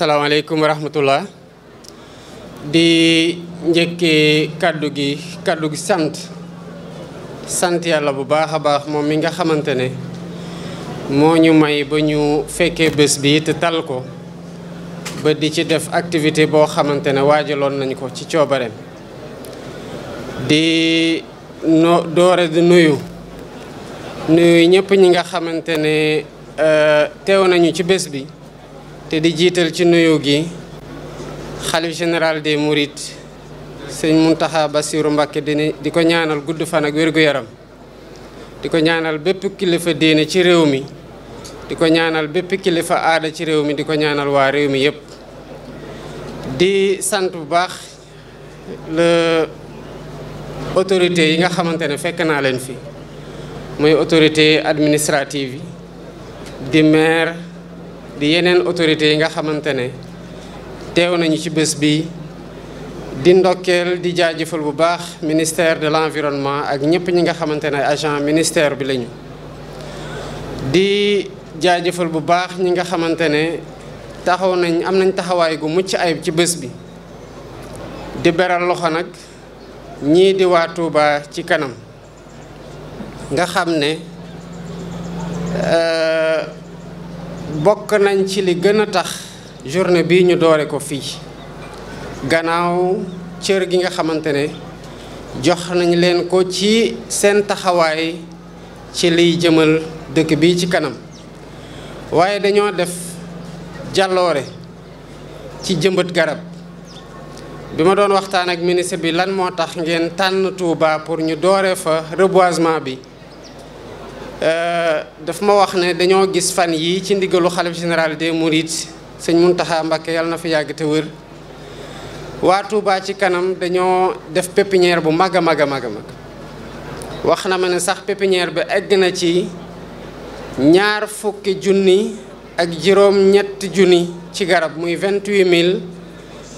asalaamaaleykum wa rahmatullah di njëkkee kàddu gi kàddu gi sant sant yàlla bu baax a baax moom mi nga xamante ne moo ñu may ba ñu fekkee bés bi te tal ko ba di ci def activité boo xamante ne waajaloon nañu ko ci coobareem di no doore di nuyu nuyu ñëpp ñi nga xamante ne euh, teew nañu ci bés bi te di jiital ci nuyu gi xalif général des Mourides sëñ Muntaxa basiiru Mbàkke di ko ñaanal gudd fan ak wér-gu-yaram di ko ñaanal bépp kilifa diine ci réew mi di ko ñaanal bépp kilifa aada ci réew mi di ko ñaanal waa réew mi yépp di sant bu baax le autorité yi nga xamante ne fekk naa leen fi mooy autorité administrative yi di maire di yeneen autorités yi nga xamante ne teew nañu ci bés bi di ndokkeel di jaajëfal bu baax ministère de l'environnement ak ñëpp ñi nga xamante ne agent ministère bi lañu di jaajëfal bu baax ñi nga xamante ne taxaw nañ am nañ taxawaay gu mucc ayib ci bés bi di beral loxo nag ñii di waa Touba ci kanam nga xam ne euh, bokk nañ ci li gën a tax journée bii ñu doore ko fii gannaaw cër gi nga xamante ne jox nañ leen ko ci seen taxawaay ci liy jëmal dëkk bi ci kanam waaye dañoo def jàlloore ci jëmbët garab bi ma doon waxtaan ak ministre bi lan moo tax ngeen tànn tuubaa pour ñu doore fa reboisement bi Euh, dafa ma wax ne dañoo gis fan yii ci ndigalu xalif général des Mourides sëñ taxa Mbacké yàlla na fi yàgg te wër waa Touba ci kanam dañoo def pépinière bu mag a mag a mag a wax na ma ne sax pépinière bi egg na ci ñaar fukki junni ak juróom ñetti junni ci garab muy vingt-huit mille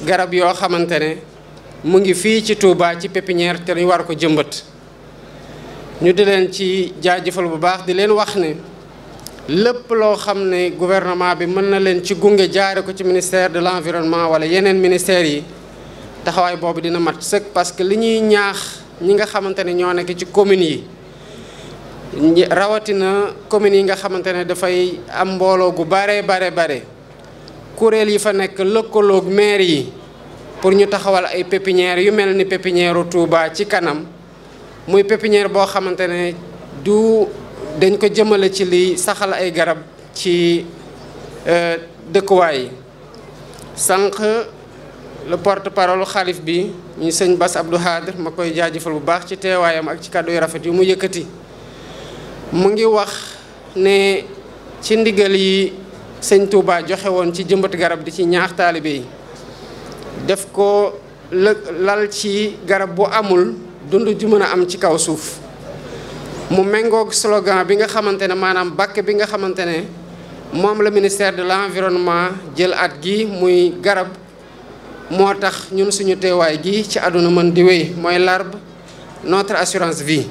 garab yoo xamante ne mu ngi fii ci Touba ci pépinière te ñu war ko jëmbat ñu di leen ci jaajëfal bu baax di leen wax ne lépp loo xam ne gouvernement bi mën na leen ci gunge jaare ko ci ministère de l'environnement wala yeneen ministère yi taxawaay boobu dina mat sëkk parce que li ñuy ñaax ñi nga xamante ne ñoo nekk ci communes yi rawatina communes yi nga xamante ne dafay am mbooloo gu bare bare bare kuréel yi fa nekk lëkkaloog maire yi pour ñu taxawal ay pépinières yu mel ni pépinière Touba ci kanam muy pépinière boo xamante ne du dañ ko jëmale ci li saxal ay garab ci euh, dëkkuwaay yi sànq le porte parole xalif bi ñu sëñ Bass Abdou Khadre ma koy jaajëfal bu baax ci teewaayam ak ci kàddu yu rafet yu mu yëkkati mu ngi wax ne ci ndigal yi sëñ Touba joxe woon ci jëmbat garab di ci ñaax taalibe yi def ko lal ci garab bu amul dund ji mën a am ci kaw suuf mu méngoog slogan bi nga xamante ne maanaam bàkke bi nga xamante ne moom la ministère de l'environnement jël at gi muy garab moo tax ñun suñu teewaay gi ci àdduna mën di wéy mooy l'arbre notre assurance vie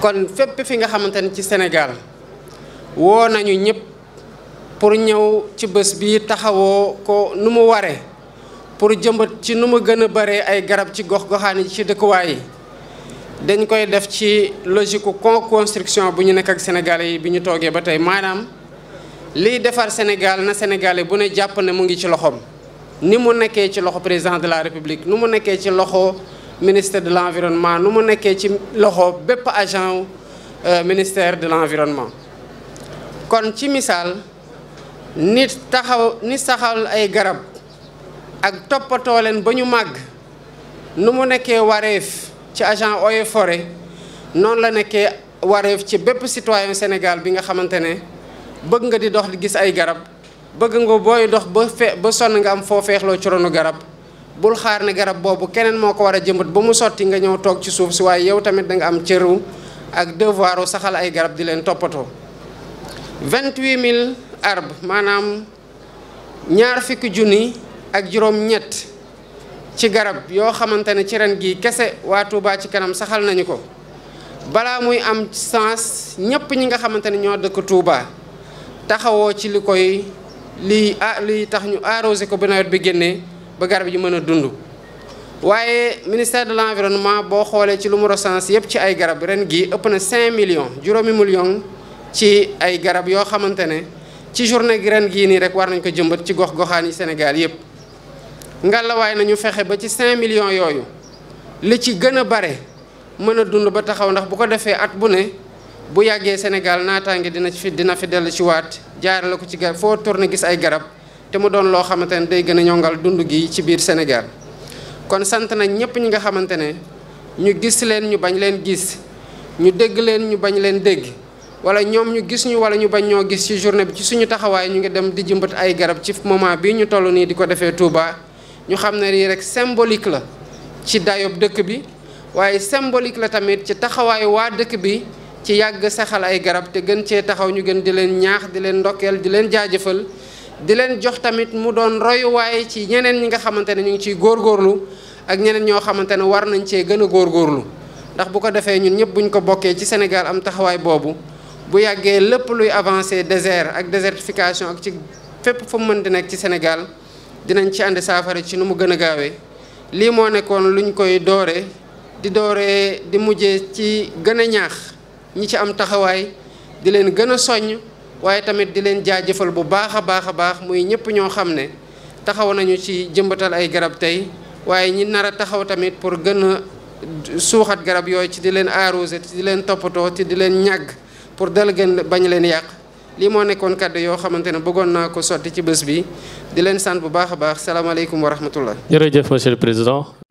kon fépp fi nga xamante ne ci Sénégal woo nañu ñëpp pour ñëw ci bés bi taxawoo ko nu mu waree pour jëmbat ci nu mu gën a bare ay garab ci gox-goxaan yi ci dëkkuwaay yi dañ koy def ci logique co-construction bu ñu nekk ak sénégalais yi bi ñu toogee ba tey maanaam liy defar Sénégal na sénégalais bu ne jàpp ne mu ngi ci loxoom ni mu nekkee ci loxo président de la république nu mu nekkee ci loxo ministre de l'environnement nu mu nekkee ci loxo bépp agent euh, ministère de l'environnement kon ci misaal nit taxaw nit saxal ay garab ak toppatoo leen ba ñu màgg nu mu nekkee wareef ci agent eaux et noonu la nekkee wareef ci bépp citoyen Sénégal bi nga xamante ne bëgg nga di dox di gis ay garab bëgg nga booy dox ba ba sonn nga am foo feexloo ci ronu garab bul xaar ne garab boobu keneen moo ko war a jëmbat ba mu sotti nga ñëw toog ci suuf si waaye yow tamit danga nga am cëru ak devoiru saxal ay garab di leen toppatoo 28000 arbres maanaam ñaar fukki junni ak juróom-ñett ci garab yoo xamante ne ci ren gi kese waa Touba ci kanam saxal nañu ko balaa muy am sance ñépp ñi nga xamante ne ñoo dëkk Touba taxawoo ci li koy li a li tax ñu arrosé ko ba nawet bi génnee ba garab yi mën a dund waaye ministère de l'environnement boo xoolee ci lu mu recense yëpp ci ay garab ren gii ëpp na 5 millions juróomi million ci ay garab yoo xamante ne ci journée ren gii nii rek war nañ ko jëmbat ci gox goxaan yi Sénégal yëpp ngalawaay nañu fexe ba ci 5 millions yooyu li ci gën a bare mën a dund ba taxaw ndax bu ko defee at bu ne bu yàggee Sénégal naataange dina fi dina fi dellu ci waat jaare la ko ci garab foo tourné gis ay garab te mu doon loo xamante ne day gën a ñongal dund gi ci biir Sénégal kon sant na ñëpp ñi nga xamante ne ñu gis leen ñu bañ leen gis ñu dégg leen ñu bañ leen dégg wala ñoom ñu gis ñu wala ñu bañ ñoo gis ci journée bi ci suñu taxawaay ñu ngi dem di jëmbat ay garab ci moment bii ñu toll nii di ko defee Touba. ñu xam na lii rek symbolique la ci dayob dëkk bi waaye symbolique la tamit ci taxawaayu waa dëkk bi ci yàgg saxal ay garab te gën cee taxaw ñu gën di leen ñaax di leen ndokkeel di leen jaajëfal di leen jox tamit mu doon royuwaay ci ñeneen ñi nga xamante ne ñu ngi ciy góorlu ak ñeneen ñoo xamante ne war nañ cee gën a góorlu ndax bu ko defee ñun ñëpp buñ ko bokkee ci senegal am taxawaay boobu bu yàggee lépp luy avancé désert ak désertification ak ci fépp fu mu mën ci Sénégal dinañ ci ànd saafara ci nu mu gën a gaawee lii moo nekkoon lu ñu koy doore di doore di mujjee ci gën a ñaax ñi ci am taxawaay di leen gën a soññ waaye tamit di leen jaajëfal bu baax a baax a baax muy ñëpp ñoo xam ne taxaw nañu ci jëmbatal ay garab tey waaye ñi nar a taxaw tamit pour gën a suuxat garab yooyu ci di leen arroser ci di leen toppatoo ci di leen ñàgg pour dal gën bañ leen yàq lii moo nekkoon kàddu yoo xamante ne bëggoon naa ko sotti ci bés bi di leen sant bu baax a baax salaamaaleykum wa rahmatullah. jërëjëf monsieur le président.